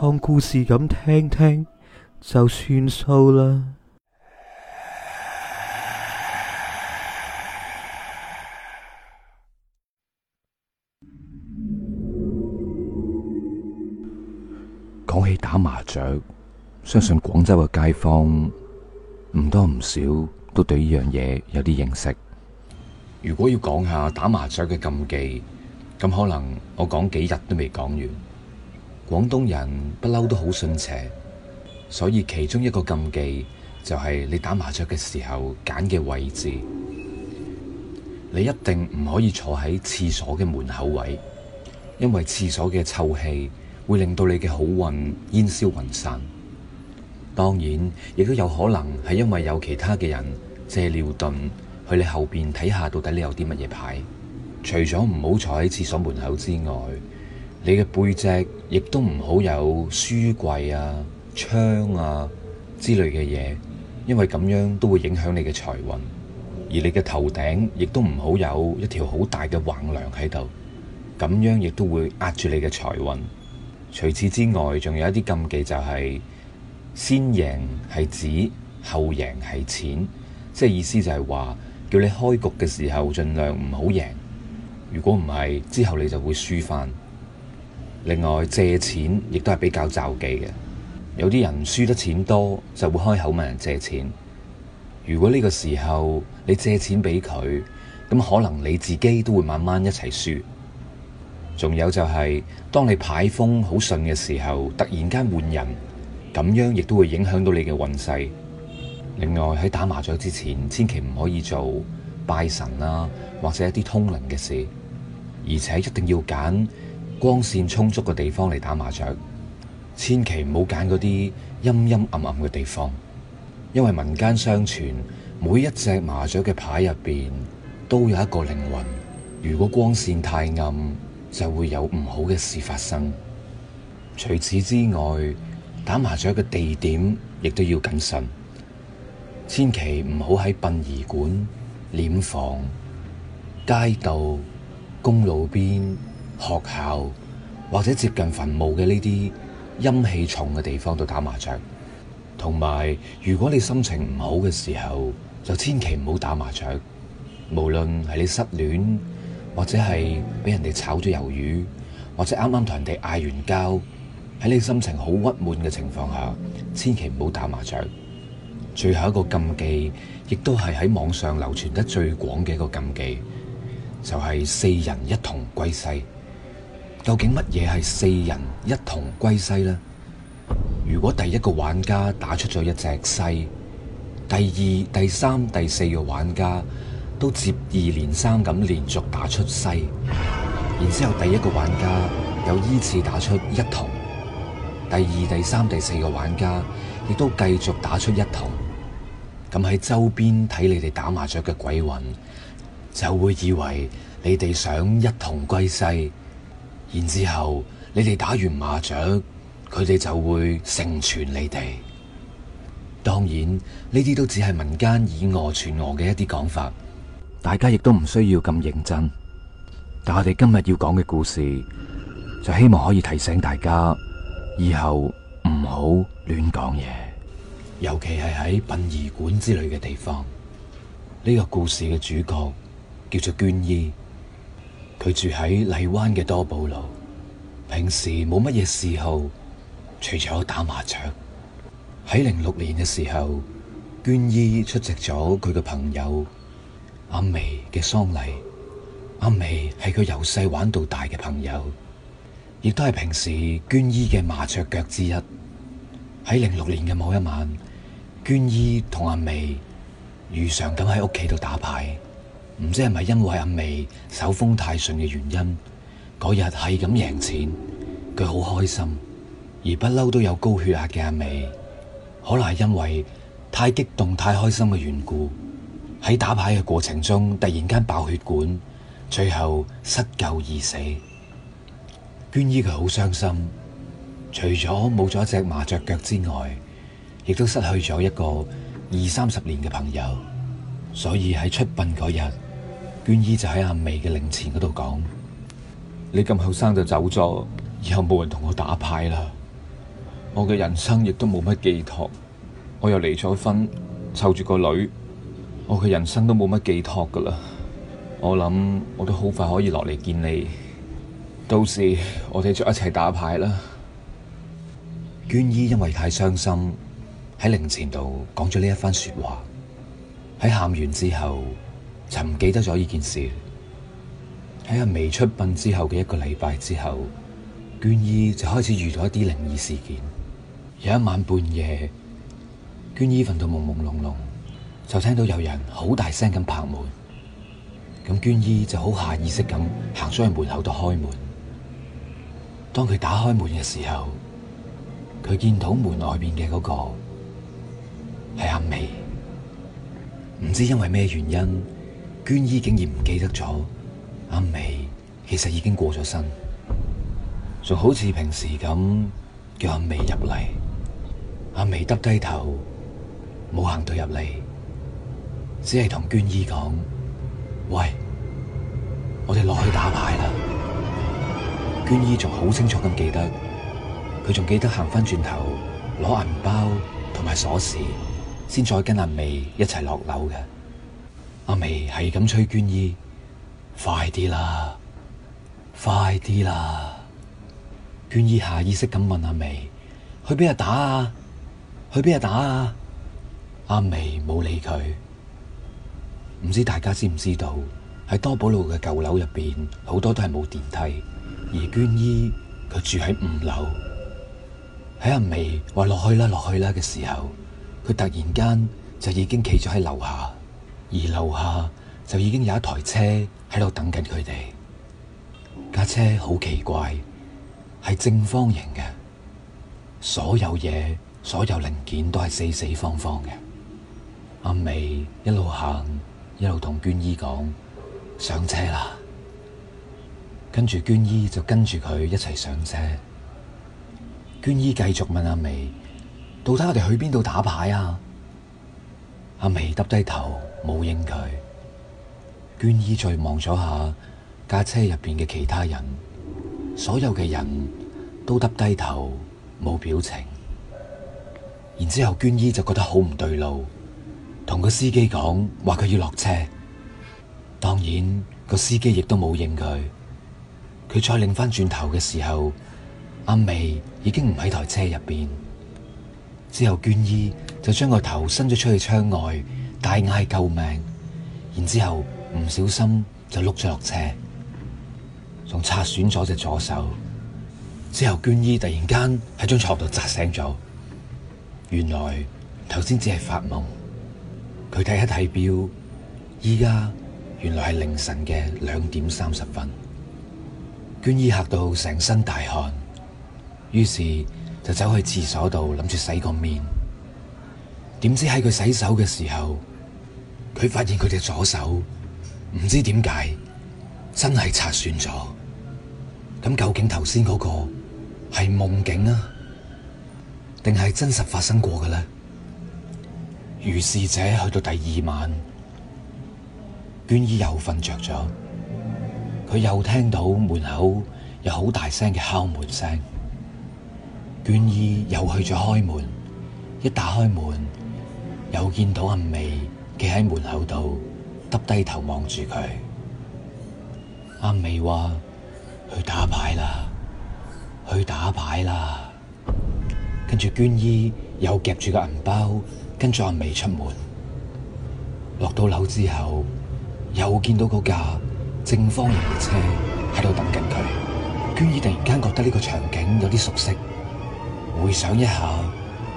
當故事咁聽聽就算數啦。講起打麻雀，相信廣州嘅街坊唔多唔少都對呢樣嘢有啲認識。如果要講下打麻雀嘅禁忌，咁可能我講幾日都未講完。廣東人不嬲都好信邪，所以其中一個禁忌就係你打麻雀嘅時候揀嘅位置，你一定唔可以坐喺廁所嘅門口位，因為廁所嘅臭氣會令到你嘅好運煙消雲散。當然，亦都有可能係因為有其他嘅人借尿遁去你後邊睇下，到底你有啲乜嘢牌。除咗唔好坐喺廁所門口之外，你嘅背脊亦都唔好有書櫃啊、窗啊之類嘅嘢，因為咁樣都會影響你嘅財運。而你嘅頭頂亦都唔好有一條好大嘅橫梁喺度，咁樣亦都會壓住你嘅財運。除此之外，仲有一啲禁忌就係先贏係紙後贏係錢，即係意思就係話叫你開局嘅時候盡量唔好贏，如果唔係之後你就會輸返。另外，借錢亦都係比較就忌嘅。有啲人輸得錢多，就會開口問人借錢。如果呢個時候你借錢俾佢，咁可能你自己都會慢慢一齊輸。仲有就係，當你牌風好順嘅時候，突然間換人，咁樣亦都會影響到你嘅運勢。另外，喺打麻雀之前，千祈唔可以做拜神啊，或者一啲通靈嘅事，而且一定要揀光線充足嘅地方嚟打麻雀，千祈唔好揀嗰啲陰陰暗暗嘅地方，因為民間相傳每一隻麻雀嘅牌入邊都有一個靈魂，如果光線太暗，就會有唔好嘅事發生。除此之外，打麻雀嘅地點亦都要謹慎，千祈唔好喺殯儀館、殮房、街道、公路邊。學校或者接近墳墓嘅呢啲陰氣重嘅地方度打麻雀，同埋如果你心情唔好嘅時候，就千祈唔好打麻雀。無論係你失戀，或者係俾人哋炒咗魷魚，或者啱啱同人哋嗌完交，喺你心情好鬱悶嘅情況下，千祈唔好打麻雀。最後一個禁忌，亦都係喺網上流傳得最廣嘅一個禁忌，就係、是、四人一同歸世。究竟乜嘢係四人一同歸西呢？如果第一個玩家打出咗一隻西，第二、第三、第四個玩家都接二連三咁連續打出西，然之後第一個玩家又依次打出「一筒」，第二、第三、第四個玩家亦都繼續打出「一筒」。咁喺周邊睇你哋打麻雀嘅鬼魂，就會以為你哋想一同歸西。然之後，你哋打完麻將，佢哋就會成全你哋。當然呢啲都只係民間以訛傳訛嘅一啲講法，大家亦都唔需要咁認真。但我哋今日要講嘅故事，就希望可以提醒大家以後唔好亂講嘢，尤其係喺殯儀館之類嘅地方。呢個故事嘅主角叫做捐醫。佢住喺荔灣嘅多寶路，平時冇乜嘢嗜好，除咗打麻雀。喺零六年嘅時候，娟姨出席咗佢嘅朋友阿媚嘅喪禮。阿媚係佢由細玩到大嘅朋友，亦都係平時娟姨嘅麻雀腳之一。喺零六年嘅某一晚，娟姨同阿媚如常咁喺屋企度打牌。唔知係咪因為阿美手風太順嘅原因，嗰日係咁贏錢，佢好開心，而不嬲都有高血壓嘅阿美。可能係因為太激動、太開心嘅緣故，喺打牌嘅過程中突然間爆血管，最後失救而死。娟姨佢好傷心，除咗冇咗一隻麻雀腳之外，亦都失去咗一個二三十年嘅朋友，所以喺出殯嗰日，娟姨就喺阿眉嘅靈前嗰度講：你咁後生就走咗，以後冇人同我打牌啦，我嘅人生亦都冇乜寄託，我又離咗婚，湊住個女，我嘅人生都冇乜寄託噶啦。我諗我都好快可以落嚟見你，到時我哋就一齊打牌啦。娟姨因為太傷心，喺靈前度講咗呢一番說話，喺喊完之後。就唔記得咗呢件事。喺阿眉出殯之後嘅一個禮拜之後，娟姨就開始遇到一啲靈異事件。有一晚半夜，娟姨瞓到朦朦朧朧，就聽到有人好大聲咁拍門。咁娟姨就好下意識咁行咗去門口度開門。當佢打開門嘅時候，佢見到門外面嘅嗰個係阿眉。唔知因為咩原因，娟姨竟然唔記得咗，阿眉其實已經過咗身，仲好似平時咁叫阿眉入嚟。阿眉耷低頭，冇行到入嚟，只係同娟姨講：喂，我哋落去打牌啦。娟姨仲好清楚咁記得，佢仲記得行翻轉頭攞銀包同埋鎖匙，先再跟阿眉一齊落樓嘅。阿眉係咁催娟姨，快啲啦，快啲啦！娟姨下意識咁問阿眉：去邊度打啊？去邊度打啊？阿眉冇理佢。唔知大家知唔知道，喺多寶路嘅舊樓入邊，好多都係冇電梯，而娟姨佢住喺五樓。喺阿眉話落去啦，落去啦嘅時候，佢突然間就已經企咗喺樓下。而樓下就已經有一台車喺度等緊佢哋，架車好奇怪，係正方形嘅，所有嘢、所有零件都係四四方方嘅。阿美一路行，一路同娟姨講上車啦，跟住娟姨就跟住佢一齊上車。娟姨繼續問阿美：到底我哋去邊度打牌啊？阿美耷低頭。冇應佢，娟姨再望咗下架車入邊嘅其他人，所有嘅人都耷低頭，冇表情。然之後娟姨就覺得好唔對路，同個司機講話佢要落車。當然個司機亦都冇應佢。佢再擰翻轉頭嘅時候，阿媚已經唔喺台車入邊。之後娟姨就將個頭伸咗出去窗外，大嗌救命！然之後唔小心就碌咗落車，仲拆損咗隻左手。之後娟姨突然間喺張床度扎醒咗，原來頭先只係發夢。佢睇一睇錶，依家原來係凌晨嘅兩點三十分。娟姨嚇到成身大汗，於是就走去廁所度諗住洗個面。點知喺佢洗手嘅時候，佢發現佢隻左手唔知點解真係拆損咗。咁究竟頭先嗰個係夢境啊，定係真實發生過嘅咧？如是者去到第二晚，娟姨又瞓着咗，佢又聽到門口有好大聲嘅敲門聲，娟姨又去咗開門，一打開門。又見到阿美企喺門口度，耷低頭望住佢。阿美話：去打牌啦，去打牌啦。跟住娟姨又夾住個銀包，跟住阿美出門。落到樓之後，又見到嗰架正方形嘅車喺度等緊佢。娟姨突然間覺得呢個場景有啲熟悉，回想一下，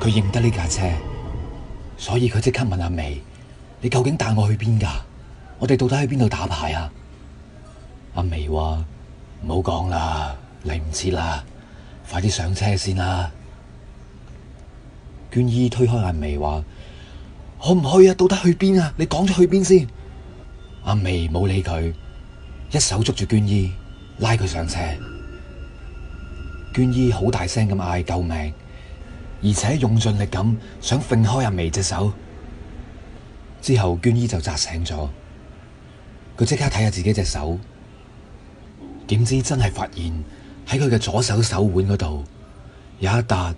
佢認得呢架車。所以佢即刻問阿眉：你究竟帶我去邊噶？我哋到底去邊度打牌啊？阿眉話：唔好講啦，嚟唔切啦，快啲上車先啦！娟姨推開阿眉話：可唔可以啊？到底去邊啊？你講咗去邊先？阿眉冇理佢，一手捉住娟姨，拉佢上車。娟姨好大聲咁嗌救命！而且用盡力咁想揈開阿眉隻手，之後娟姨就扎醒咗。佢即刻睇下自己隻手，點知真係發現喺佢嘅左手手腕嗰度有一笪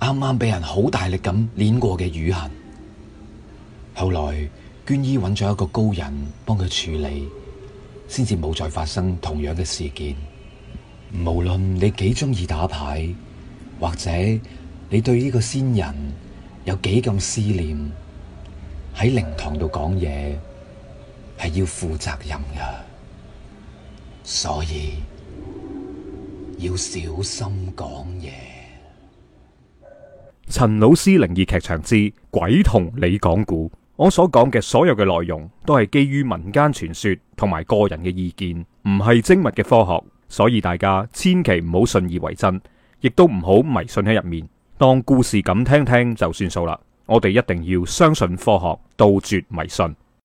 啱啱俾人好大力咁捏過嘅瘀痕。後來娟姨揾咗一個高人幫佢處理，先至冇再發生同樣嘅事件。無論你幾鍾意打牌，或者，你對呢個先人有幾咁思念，喺靈堂度講嘢係要負責任㗎，所以要小心講嘢。陳老師靈異劇場之鬼同你講故，我所講嘅所有嘅內容都係基於民間傳說同埋個人嘅意見，唔係精密嘅科學，所以大家千祈唔好信以為真，亦都唔好迷信喺入面。當故事咁聽聽就算數啦，我哋一定要相信科學，杜絕迷信。